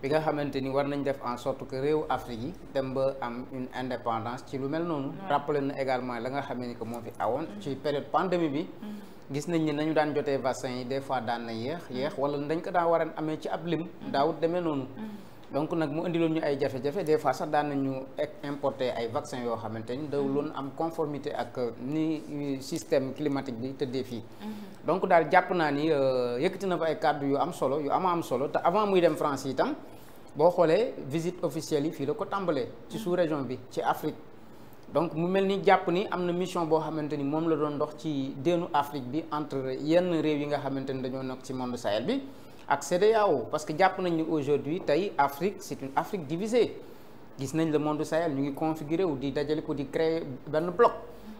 bi nga xamante ni war nañ def en sorte que réew Afrique yi dem ba am une indépendance ci lu mel noonu rappelé na également la nga xamee ni que moo fi awoon ci période pandémie bi mm-hmm. gis nañ ni nañu daan jotee vaccin yi des fois daan na yéex yéex mm-hmm. wala dañ ko daan war a amee ci ab lim mm-hmm. daawut demee noonu donc nag mu indiloon ñu ay jafe-jafe des fois sax daan nañu importer ay vaccin yoo xamante ni dawuloon am conformité ak euh, ni système climatique bi tëddee fii. Mhm. donc daal jàpp naa ni euh, yëkkati na fa ay kàddu yu am solo yu ama am solo te avant muy dem France itam boo xoolee visite officielle yi fii la ko tàmbalee. ci mhm. sous-région bi ci Afrique. donc mu mel ni jàpp ni am na mission boo xamante ni moom la doon ndox ci déenu Afrique bi entre yenn réew yi nga xamante ni dañoo nekk ci monde Sahel bi. ak CEDEAO parce que jàpp nañ ni aujourd'hui tey Afrique c'est une Afrique divisée gis nañ le monde Sahel ñu ngi configuré wu di dajale ko di créer benn bloc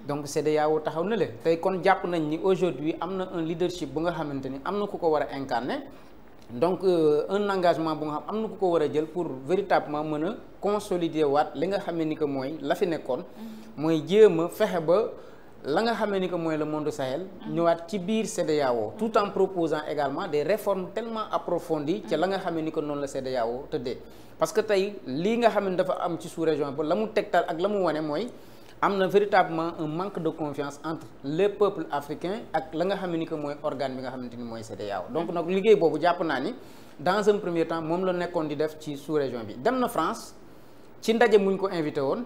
donc CEDEAO taxaw na le tey kon jàpp nañ ni aujourd'hui am na un leadership bu nga xamante ni am na ku ko war a incarner donc euh, un engagement bu nga xam am na ku ko war a jël pour véritablement mën a consolider waat li nga xam ne ni que mooy la fi nekkoon mm-hmm. mooy jéem fexe ba la nga xamee ni que mooy le monde Sahel ñëwaat ci biir CEDEAO tout en proposant également des réformes tellement approfondies ci la nga xame ni que noonu la CEDEAO tëddee parce que tey lii nga xam ne dafa am ci sous-région ba la mu tegtal ak la mu wane mooy am na véritablement un manque de confiance entre les peuples africains ak la nga xam ni que mooy organe bi nga xamante ni mooy CEDEAO donc nag liggéey boobu jàpp naa ni dans un premier temps moom la nekkoon di def ci sous bi dem na France ci ndaje muñ ko invité woon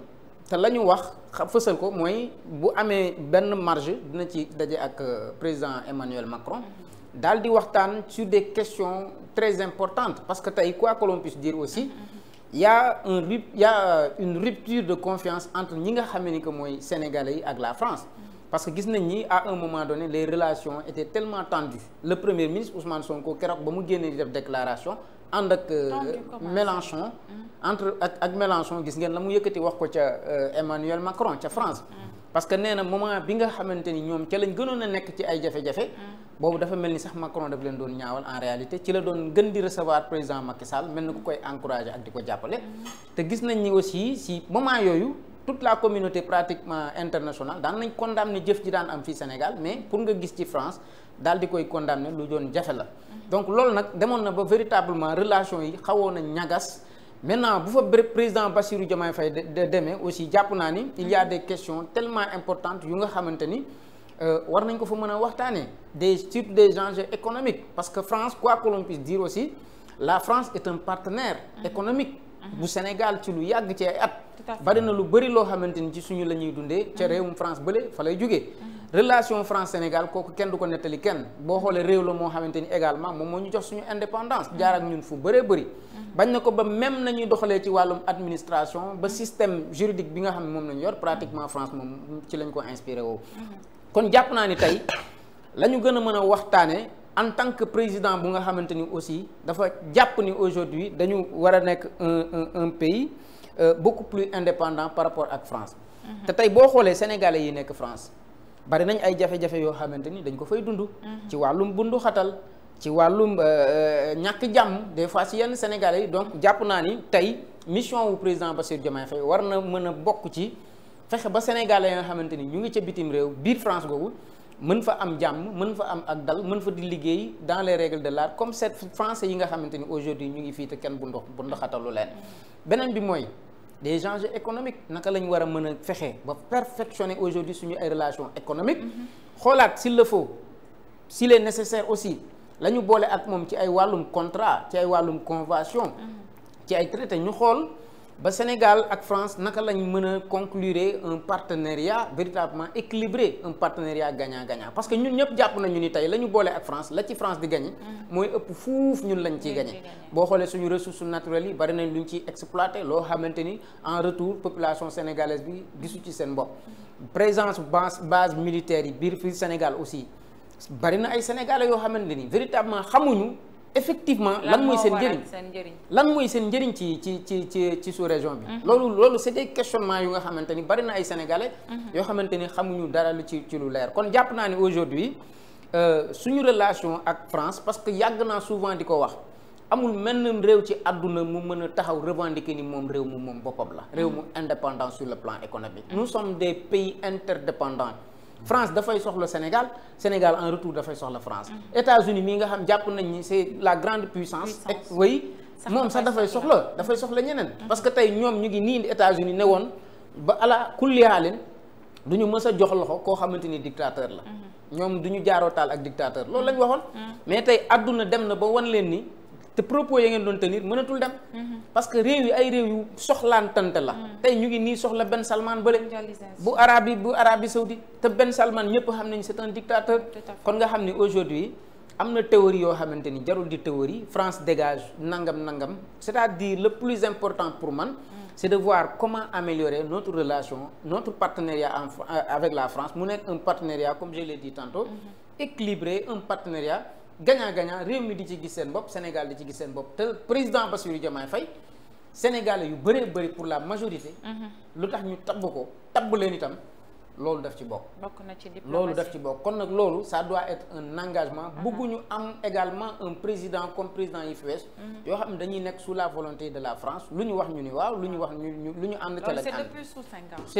te la ñu wax fësal ko mooy bu amee benn marge dina ci daje ak euh, président Emmanuel Macron daal di waxtaan sur des questions très importantes parce que tey quoi que l'on puisse dire aussi yaa a un ru y a euh, une rupture de confiance entre ñi nga xam ni que mooy sénégale yi ak la France parce que gis nañ ni à un moment donné les relations étaient tellement tendues le premier ministre Ousmane Sonko keroog ba mu génnee di def déclaration ànd ak euh, Mélenchon mm. entre ak ak Mélenchon gis ngeen la mu yëkkati wax ko ca euh, Emmanuel Macron ca France mm. parce que nee na moment bi nga xamante ni ñoom ca lañ gënoon a nekk ci ay jafe-jafe mm. boobu dafa mel ni sax Macron daf leen doon ñaawal en réalité ci la doon gën di recevoir président Macky Sall mel na ku koy encourager ak di ko jàppale te gis nañ ni aussi si moment yooyu tout la communauté pratiquement internationale daan nañ kon condamné jëf ji daan am fii Sénégal mais nga gis ci France daal di koy condamné lu doon jafe la donc loolu nag demoon na ba véritablement relation yi xawoon na ñagas maintenant bu fa président Bassirou Diomaye Faye de demee aussi jàpp naa ni il y a des questions tellement importantes yu nga xamante ni euh, war nañ ko fa mën a waxtaanee des surtout des enjeux économiques parce que France quoi que l'on puisse aussi la France est un partenaire mm-hmm. économique mm-hmm. bu Sénégal ci lu yàgg ci ay at bari na lu bëri loo xamante ni ci suñu la ñuy dundee ca mm-hmm. réewum France bële fa lay jógee relation France Sénégal kooku kenn du ko nettali kenn boo xoolee réew la moo xamante ni également moom moo ñu jox suñu indépendance mm-hmm. jaar ak ñun fu bëree bëri mm-hmm. bañ na ko ba même nañuy doxalee ci wàllum administration ba mm-hmm. système juridique bi nga xam ne moom lañu yor pratiquement France moom ci lañ ko inspiré woo kon jàpp naa ni tey la ñu gën a mën a waxtaanee en tant que président bu nga xamante ni aussi dafa jàpp ni aujourd'hui dañu war a nekk un un un pays euh, indépendant par rapport ak France tey boo xoolee sénégalais yi nekk France bari nañ ay jafe-jafe yoo xamante ni dañ ko fay dund. Mm-hmm. ci wàllum bundu xatal ci wàllum euh, euh, ñàkk jàmm des fois si yenn Sénégalais yi donc jàpp naa ni tey mission wu président Bassirou Diomaye Faye war na mën a bokk ci fexe ba Sénégalais yoo xamante ni ñu ngi ca bitim réew biir France googu mën fa am jàmm mën fa am ak dal mën fa di liggéey dans les règles de l'art comme cette français yi nga xamante ni aujourd'hui ñu ngi fii te kenn bu ndox bu ndoxatalu leen mm-hmm. beneen bi mooy. des enjeux économiques naka la ñu war a mën a fexe ba perfectionner aujourd'hui suñu ay relations économiques xoolaat si le faut s'il est nécessaire aussi la ñu boole ak moom ci ay wàllum contrat ci ay wàllum convention ci ay traité ñu xool ba Sénégal ak France naka lañ mën a conclure un partenariat véritablement équilibré un partenariat gagnant-gagnant parce que ñun ñëpp jàpp nañu ni tey la ñu boole ak France la ci France di gagné. Mm. mooy ëpp fuuf ñun lañ ciy gagné. boo xoolee suñu ressources naturelles yi bari nañ luñ ci exploité loo xamante ni en retour population sénégalaise bi gisu ci seen bopp. présence base base militaire yi biir fii Sénégal aussi bari na ay sénégalais yoo xamante ni véritablement xamuñu. effectivement lan mooy seen njëriñ lan mooy seen njëriñ ci ci ci ci ci sous région bi mm-hmm. loolu loolu c'est des questionnements yu nga xamante ni bari na ay sénégalais mm-hmm. yoo xamante ni xamuñu dara lu ci ci lu leer kon jàpp naa ne aujourd'hui euh, suñu relation ak France parce que yàgg naa souvent di ko wax amul na réew ci àdduna mu mën a taxaw revendiquer ni moom réew mu moom boppam la réew mu mm-hmm. indépendant sur le plan économique nous sommes des pays interdépendants France dafay soxla Sénégal Sénégal en retour dafay soxla France États-Unis mii nga xam jàpp nañ ni c'est la grande puissance ek way moom sax dafay soxla dafay soxla ñeneen mhm. parce que tey ñoom ñu ngi nii États-Unis ne woon ba ala kulli leen du ñu mës a jox loxo koo xamante ni dictateur la mhm. ñoom du ñu jaaroo taal ak dictateur loolu lañ waxoon mhm. mais tey àdduna dem na ba wan leen nii te propos ya ngeen doon tenir mënatul dem. Mm-hmm. parce que réew yi ay réew yu soxlaan tante la. Mm-hmm. tey ñu ngi nii soxla benn Salman bële. bu Arabie bu Arabie Saoudite te Ben Salman ñëpp xam nañu c'est un dictateur. kon nga xam ni aujourd'hui am na théorie yoo xamante ni jarul di théorie France dégage nangam nangam c'est-à-dire le plus important pour man. Mm. c'est de voir comment améliorer notre relation notre partenariat en euh, avec la France mu nekk un partenariat comme je l'ai dit tantôt. Mm-hmm. un partenariat. gagnant gagnant réew mi di ci gis seen bopp Sénégal di ci gis seen bopp te président Bassirou Diomaye Faye Sénégalais yu bëree bëri pour la majorité. Mhm. lu tax ñu tabb ko tabb leen itam loolu daf ci bokk. bokk na loolu daf ci bokk kon nag loolu ça doit être un engagement. Mhm. bëgguñu am également un président comme président yi fi mhm. yoo xam ne dañuy nekk sous la volonté de la France lu ñu wax ñu ni waaw lu ñu wax ñu lu ñu ànd. ca la c'est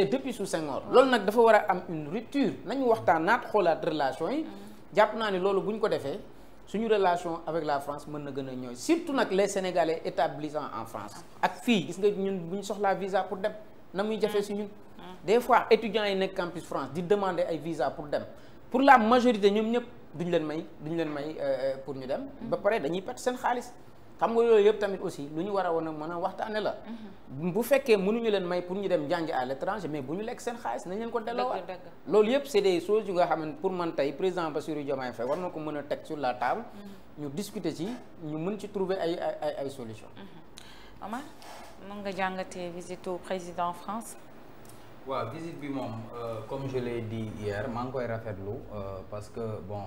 depuis sous Senghor. c'est loolu nag dafa war a am une rupture nañu waxtaan naat relation yi. jàpp naa ne loolu bu ñu ko defee. suñu relation avec la France mën na gën a ñooy surtout nag les sénégalais établissant en France ak fii gis nga ñun bu ñu soxlaa visa pour dem na muy jafee si ñun mm. des fois étudiants yi nekk campus France di demander ay visa pour dem pour la majorité ñoom ñëpp duñ leen may duñ leen may euh, euh, pour ñu dem mm. ba pare dañuy perte seen xaalis xam nga loolu yëpp tamit aussi lu ñu war a woon a mën a waxtaane la mhm. bu fekkee mënuñu leen may pour ñu dem jàngi à l'étranger mais bu ñu lekk seen xaalis nañ leen ko delloowaat loolu yëpp c'est des choses nga xam ne pour man tey président Bassirou Diomaye Faye war na ko mën a teg sur la table mhm. ñu discuter ci ñu mën ci trouver ay ay ay solution mhm. Omar mën nga jàngatee visite au président France waaw ouais, bi moom euh, comme je l'ai dit hier maa ngi koy rafetlu euh, parce que bon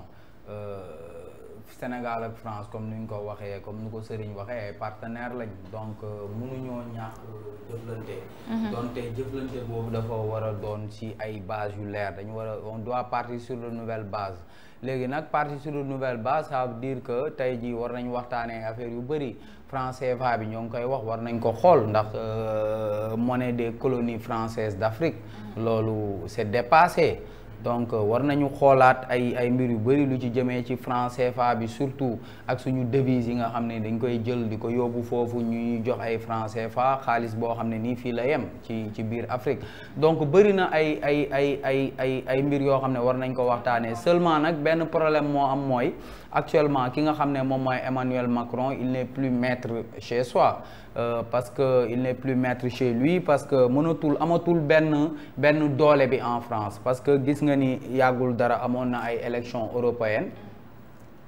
euh, Sénégal ak France comme ni ñu ko waxee comme ni ko Serigne waxee ay partenaire lañ donc euh, mënuñoo ñàkk jëflante mhm. donte jëflante boobu dafa war a doon ci ay base yu leer dañu war a on doit partir sur de nouvelles bases léegi nag partie sur de nouvelles bases ça dire que tey jii war nañ waxtaanee affaire yu bëri franc CFA bi ñoo ngi koy wax war nañ ko xool ndax euh, monnaie des colonies françaises d'Afrique mhm. loolu c'est dépassé donc euh, war nañu xoolaat ay ay mbir yu bëri lu ci jëmee ci franc CFA bi surtout ak suñu devise yi nga xam ne dañ koy jël di ko yóbbu foofu ñuy jox ay franc CFA xaalis boo xam ne nii fii la yem ci ci biir Afrique donc bëri na ay ay ay ay ay ay mbir yoo xam ne war nañ ko waxtaanee seulement nag benn problème moo am mooy actuellement ki nga xam ne moom mooy Emmanuel Macron il n'est plus maître chez soi euh, parce que il n'est plus maître chez lui parce que mënatul amatul benn benn doole bi en France parce que gis nga ni yàggul dara amoon na ay élections européennes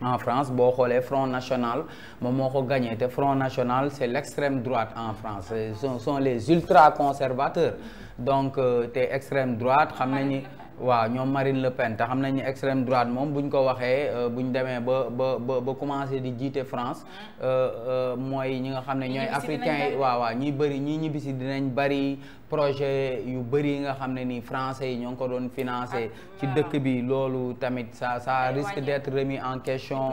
en France boo xoolee Front National moom moo ko gagné te Front National c'est l'extrême droite en France son son les ultra conservateurs donc euh, te extrême droite xam nañu waaw ñoom Marine Le Pen te xam nañ ni extrême droite moom bu ñu ko waxee euh, bu demee ba ba ba ba commencé di jiite France euh, euh, mooy ñi nga xam ne ñooy africains yi waaw waaw ñi bëri ñii ñibbisi dinañ bëri projet yu bëri yi nga xam ne nii français yi ñoo ngi ko doon financé ah, ci dëkk bi loolu tamit sa ça risque d'être remis en question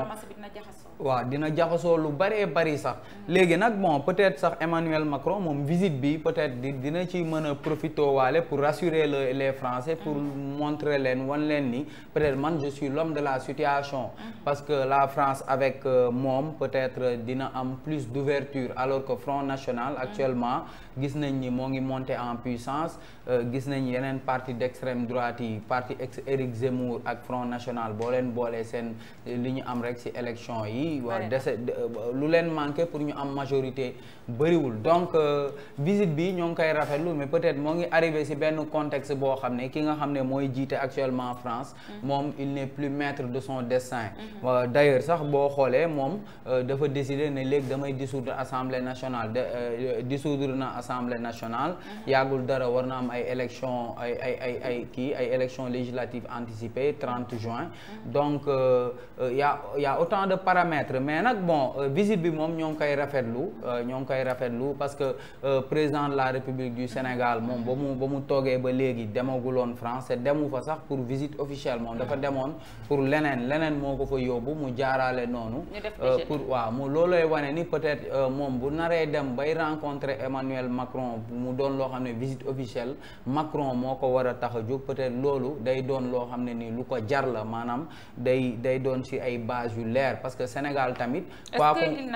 waaw dina jaxasoo lu bëree bari sax léegi nag bon peut-être sax Emmanuel Macron moom visite bi peut-être di dina ci mën a profité waale pour rassurer le les Français pour montrer leen wan leen ni peut-être man je suis l'homme de la situation parce que la France avec euh, moom peut-être dina am plus d'ouverture alors que Front National actuellement gis nañ ni moo ngi monter en puissance euh, gis nañ yeneen parti d'extrême droite yi parti ex Éric Zemmour ak Front National boo leen boolee seen li ñu am rek ci élection yi yi waa euh, lu leen manqué pour ñu am majorité bariwul donc euh, visite bi ñoo ngi koy rafet lu mais peut-être moo ngi arrivé si benn contexte boo xam ne ki nga xam ne mooy jiite actuellement France mm. moom il n'est plus maître de son destin mm-hmm. d'ailleurs sax boo xoolee moom euh, dafa décider ne léegi damay dissoudre assemblée nationale dissoudre na assemblée nationale mm-hmm. yàggul dara war na am ay élection ay ay ay ay kii ay élection législative anticipée 30 juin mm-hmm. donc y a y de permettre mais nag bon euh, visite bi moom ñoo ngi koy rafetlu euh, ñoo ngi koy rafetlu parce que euh, président de la République du Sénégal moom ba mu ba mu toogee ba léegi demaguloon France te demu fa sax pour visite officielle moom dafa demoon pour leneen leneen moo ko fa yóbbu mu jaaraale noonu pour waaw mu loolooy wane ni peut-être moom bu naree dem bay rencontre Emmanuel Macron mu doon loo xam ne visite officielle Macron moo ko war a tax a jóg peut-être loolu day doon loo xam ne ni lu ko Sénégal tamit. quoi est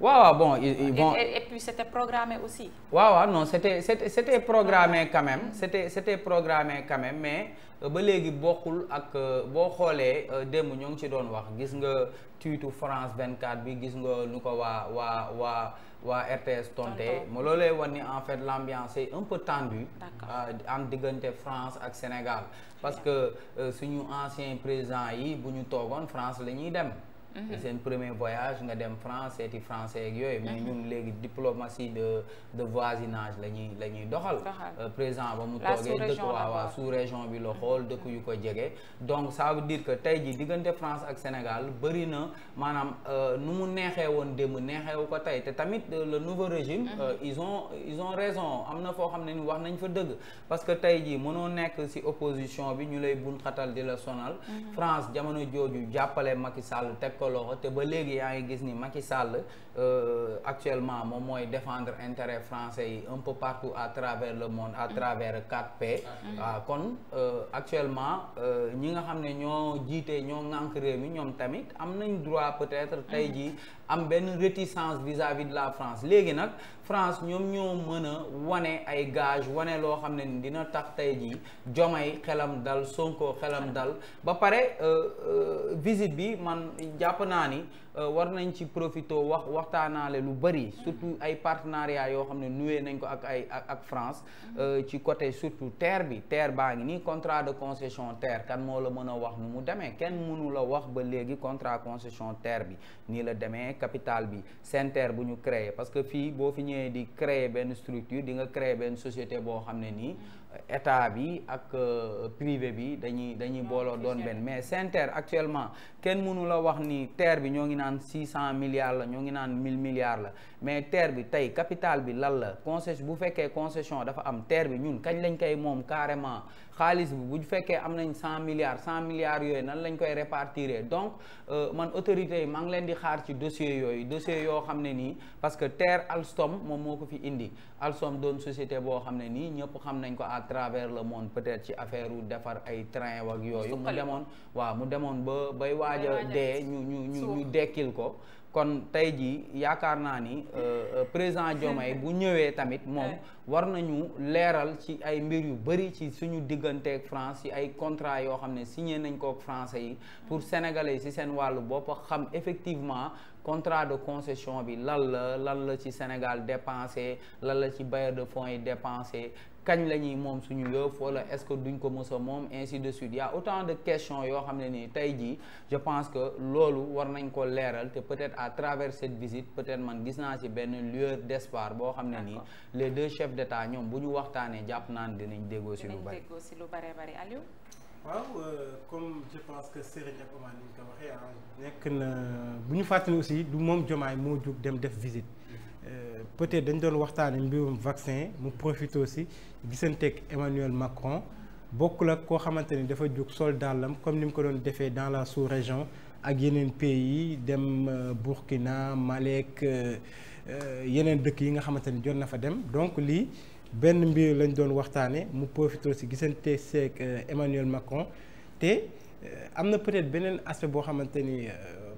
waaw waaw bon ils vont c'était programmé aussi. waaw waaw non c'était c'était c'était programmé quand même mm. c'était c'était programmé quand mais euh, ba léegi bokkul ak euh, boo xoolee euh, démb ñoo ngi ci doon wax gis nga tuitu France 24 bi gis nga nu ko waa waa. waa RTS tonté ma loolee wan ni en fait l' ambiance est un peu tendue euh, am diggante France ak Sénégal parce que euh, suñu ancien président yi bu ñu toogoon France la ñuy dem Mm-hmm. seen premier voyage nga dem France seeti français ak yooyu mais mm-hmm. ñun léegi diplomatie de de voisinage la ñuy la doxal euh, présent ba mu toogee dëkk waaw waaw sous région bi la mm-hmm. xool dëkk yu ko jege donc ça veut dire que tey ji diggante France ak Sénégal bëri na maanaam euh, nu mu neexee woon démb neexeewu ko tey te tamit euh, le nouveau régime ils ont ils ont raison am na foo xam ne ni wax nañ fa dëgg parce que tey ji mënoo nekk ci opposition bi ñu lay xatal di la sonal France jamono jooju jàppale Macky Sall teg ko loxo te ba léegi yaa ngi gis ni Macky Sall euh, actuellement moom mooy défendre intérêt français yi un peu partout à travers le monde à travers 4P waaw ah. ah, kon euh, actuellement euh, ñi nga xam ne ñoo jiite ñoo ŋànk réew mi ñoom tamit am nañ droit peut-être tey jii am benn réticence vis-à-vis de la France léegi nag France ñoom ñoo mën a wane ay gage wane loo xam ne dina tax tey jii Diomaye xelam dal Sonko xelam dal ba pare euh, euh, visite bi man jàpp naa ni Euh, war nañ ci profité wax waxtaanaale lu bëri surtout ay partenariat yoo xam ne noué nañ ko ak ay ak France euh, ci côté surtout terre bi terre baa ngi nii contrat de concession terre kan moo la mën a wax nu mu demee kenn mënu la wax ba léegi contrat concession terre bi nii la demee capital bi seen terre bu ñu créer parce que fii boo fi ñëwee di créer benn structure di nga créer benn société boo xam ne nii état bi ak euh, privé bi dañuy dañuy booloo doon benn mais SENTER actuellement kenn mënu la wax ni TER bi ñoo ngi naan six cent milliards la ñoo ngi naan mille milliards la mais TER bi tey capital bi lan la concession bu fekkee concession dafa am terre bi ñun kañ lañ koy moom carrément xaalis bi bu fekkee am nañ cent milliards cent milliards yooyu nan lañ koy répartir donc euh, man autorités yi maa ngi leen di xaar ci dossier yooyu dossier yoo xam ne nii parce que terre Alstom moom moo ko fi indi Alstom doon société boo xam ne nii ñëpp xam nañ ko à travers le monde peut-être ci affaire u defar ay train wak yooyu mu demoon waaw mu demoon ba bay waaj a dee ñu ñu ñu ñu dekkil ko kon tey jii yaakaar naa ni euh, euh, président Diomaye bu ñëwee tamit moom war nañu leeral ci ay mbir yu bëri ci suñu digganteeg France ci ay contrat yoo xam ne signé nañ ko ak français yi pour sénégalais yi si seen wàllu bopp xam effectivement contrat de concession bi lan la lan la ci Sénégal dépensé lan la ci bailleur de fonds yi dépensé kañ la ñuy moom suñu yëf wala est-ce que duñ ko mës a moom ainsi de suite y a de question yoo xam ne nii tey jii je pense que loolu war nañ ko leeral te peut-être à travers cette visite peut-être man gis naa ci benn lueur d'espoir boo xam ne nii les deux chefs d'État ñoom bu ñu waxtaanee jàpp naan dinañ déggoo si lu bari. dinañ déggoo si lu bari waaw euh, comme je pense que Serigne ak ah, nekk na bu ñu fàttali aussi du moom jomaay moo jug dem def visite mm-hmm. euh, peut-être dañ doon waxtaane mbirum vaccin mu profité aussi gisanteeg Emmanuel Macron bokkul ak koo xamante ni dafa jug sol dàllam comme ni mu ko doon defee dans la sous-région ak yeneen pays yi dem euh, Burkina Malek yeneen dëkk yi nga xamante ni jot na fa dem donc lii. benn mbir lañ doon waxtaanee mu profité si gisante seeg euh, Emmanuel Macron te euh, am na peut-être beneen aspect boo xamante ni euh,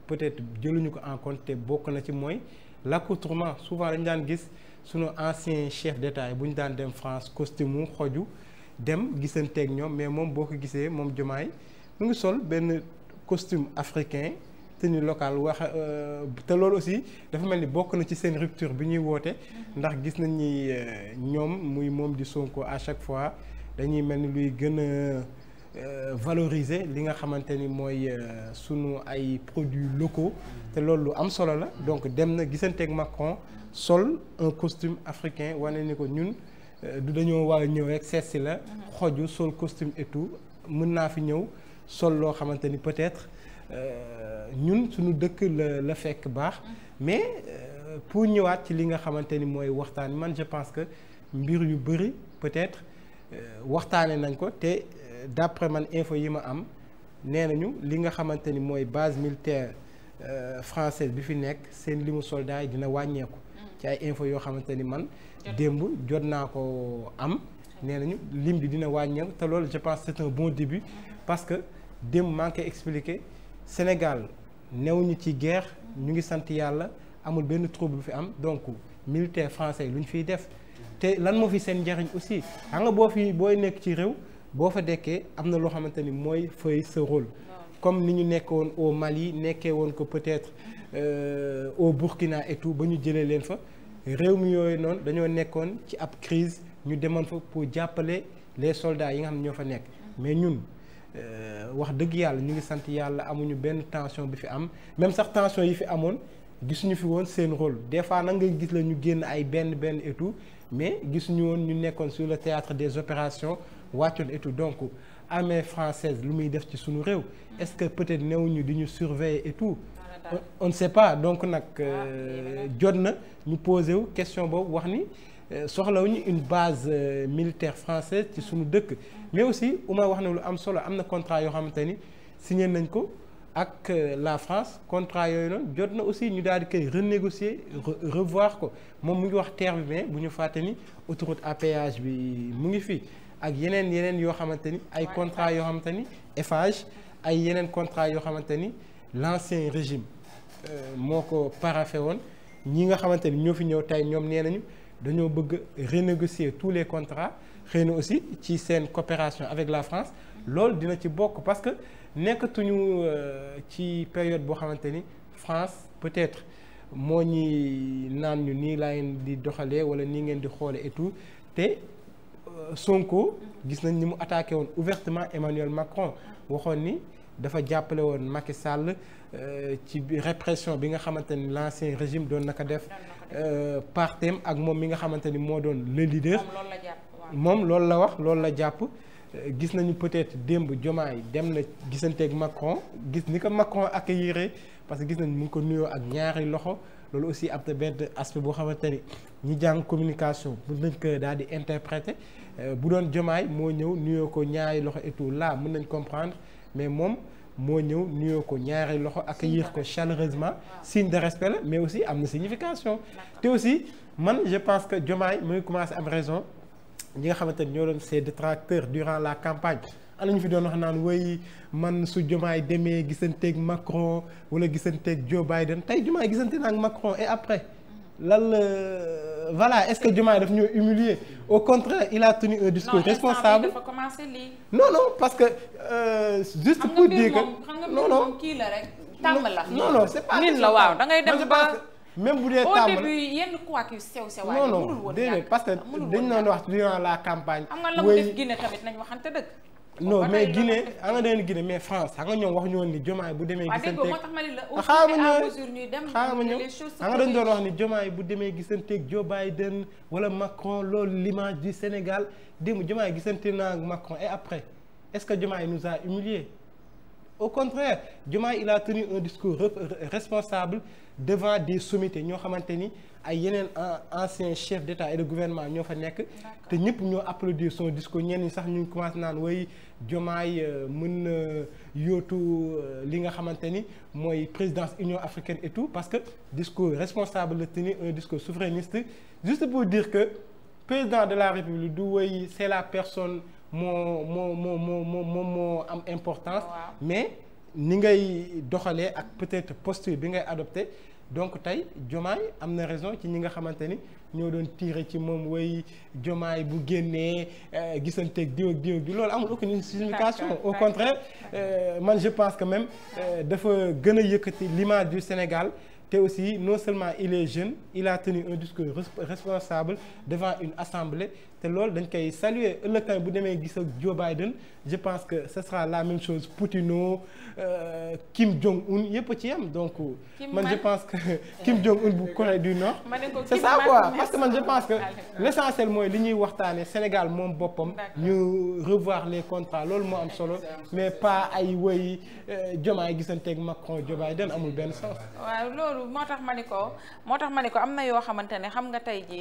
peut-être jëluñu ko en compte te bokk na ci mooy l'accoutrement souvent dañ daan gis sunu ancien chef d'État yi bu ñu daan dem France costume xoju dem gisanteeg ñoom mais moom boo ko gisee moom Diomaye mu ngi sol benn costume africain. tenue local wax euh, te loolu aussi dafa mel ni bokk na ci seen rupture bi ñuy woote mm-hmm. ndax gis nañ ni euh, ñoom muy moom di Sonko à chaque fois dañuy mel ni luy gën a euh, valoriser li nga xamante ni mooy sunu ay produits locaux te loolu lu am solo la donc dem na gisanteeg Macron sol un costume africain wane ni ko ñun du dañoo war a ñëw la mm-hmm. xoju sol costume et tout mën naa fi ñëw sol loo xamante peut-être ñun suñu dëkk la la fekk baax mais euh, pour ñëwaat ci li nga xamante ni mooy waxtaan man je pense que mbir yu bëri peut-être euh, waxtaane nañ ko te euh, d'après man info yi ma am nee nañu li nga xamante ni mooy base militaire française bi fi nekk seen limu soldats yi dina wàññeeku ci ay info yoo xamante ni man démb jot naa ko am nee nañu lim bi dina wàññeeku te loolu je pense c'est bon début mm-hmm. parce que démb maa ngi koy expliquer Sénégal newuñu ci guerre ñu ngi sant yàlla amul benn trouble bu fi am donc militaire français lu ñu fiy def te lan moo fi seen njariñ aussi xam nga boo fi booy nekk ci réew boo fa dekkee am na loo xamante ni mooy fay sa rôle comme ni ñu nekkoon woon au Mali nekkee woon ko peut-être euh, au Burkina et ba ñu jëlee leen fa réew mi yooyu noonu dañoo nekkoon ci ab crise ñu demoon fa pour jàppale les soldats yi nga xam ne ñoo fa nekk mais ñun Euh, wax dëgg yàlla ñu ngi sant yàlla amuñu benn tension bi fi am même sax tension yi fi amoon gisuñu fi woon seen rôle des fois nag nga gis la ñu génn ay benn benn et tout mais gisuñu woon ñu nekkoon su le théâtre des opérations wàccoon et tout donc armée française lu muy def ci suñu réew est-ce que peut-être newuñu di ñu surveiller et on ne pas donc nag ah, euh, jot na ñu posé wu question boobu wax ni euh, soxlawuñu une base militaire française ci suñu dëkk mais aussi Oumar wax na lu am solo am na contrat yoo xamante ni signé nañ ko ak euh, la France contrat yooyu noonu jot na aussi ñu daal di koy renégocier revoir ko moom mu ngi wax terre bi bu ñu fàtte ni autoroute à bi mu ngi fii ak yeneen yeneen yoo xamante ni ay contrat yoo xamante ni Eiffage ay yeneen contrat yoo xamante ni l'ancien régime euh, moo ko paraphé woon ñi nga xamante ni ñoo fi ñëw tey ñoom nee nañu dañoo bëgg renégocier tous les contrats xëy na aussi ci seen coopération avec la France loolu dina ci bokk parce que nekkatuñu euh, ci période boo xamante ni France peut-être moo ñi naan ñu nii laa ngeen di doxalee wala nii ngeen di xoole et tout te euh, Sonko gis nañ ni mu attaqué woon ouvertement Emmanuel Macron waxoon ni dafa jàppale woon Macky Sall euh, ci répression bi nga xamante ni l'ancien régime doon naka def partem ak moom mi nga xamante ni moo doon le leader moom loolu la wax loolu la jàpp gis nañu peut-être démb Diomaye dem na gisanteeg Macron gis ni ko Macron ak accueillir parce que gis nañ mu ngi ko nuyoo ak ñaari loxo loolu aussi am na benn aspect boo xamante ni ñi jàng communication mën nañ ko daal di interpréter euh, bu doon jomaay moo ñëw nuyoo ko ñaari loxo et tout là mën nañ comprendre mais moom moo ñëw nuyoo ko ñaari loxo ak yéex ko chaleureusement signe de respect la mais aussi am na signification te aussi man je pense que Diomaye mu commencé am ñi nga xamante ni ñoo doon ses tracteur durant la campagne ana ñu fi doon wax naan woy man su Diomaye demee gisanteeg Macron wala gisanteeg Joe Biden tey Diomaye gisante na ak Macron et après lan la euh, voilà est-ce que Diomaye daf ñoo humilier au contraire il a tenu un discours responsable dafa commencé lii parce que euh, juste pour dire que non non non non la waaw da dem ba même bu dee tàmbali au début yenn couac parce que dañ doon wax durant la campagne. am nga la mu def Guinée tamit nañ mais Guinée xam nga dañu mais France xam nga ñëw wax ñu woon ni Diomaye bu demee. gisanteeg xaaral ma ñëw xaaral ma ñëw nga doon wax ni jomaa yi bu demee gisanteeg Joe Biden wala Macron loolu l'image du Sénégal démb Diomaye gisante naa ak Macron et après est-ce que Diomaye nous a humilié au contraire Diomaye il a tenu un discours responsable devant des sommités ñoo xamante ni ay yeneen anciens chef d'État et de gouvernement ñoo fa nekk te ñëpp ñoo applaudir son discours ñenn ñi sax ñu ngi commencé naan way Diomaye euh, mën na yootu euh, li nga xamante ni mooy présidence Union africaine et tout parce que discours responsable la tenu un discours souverainiste juste pour dire que président de la République du way c'est la personne moo moo moo moo moo moom moo am importance mais ni ngay doxalee ak peut-être posture bi ngay adopté donc tey Jomaay am na raison ci ñi nga xamante ni ñoo doon tiire ci moom way Jomaay bu génnee euh, gisanteeg diw ak diw ak diw loolu amul aucune signification au contraire euh, man je pense que même euh, dafa gën a yëkkati l'image du Sénégal te aussi non seulement il est jeune il a tenu un discours responsable devant une assemblée te loolu dañ koy saluer ëllëg tamit bu demee gis ak Joe Biden je pense que ce sera la même chose Poutino euh, Kim Jong-un yëpp ci yam donc. Euh, man je pense que Kim Jong-un bu Corée du Nord. c'est ça quoi parce que man je pense que l'essentiel mooy li ñuy waxtaanee Sénégal moom boppam. ñu revoir les contrats loolu moo am solo. mais pas ay woy euh, Diomaye gisanteeg Macron Joe Biden amul benn sens. waaw loolu moo tax ma ne ko moo tax ma ne ko am na yoo xamante xam nga tey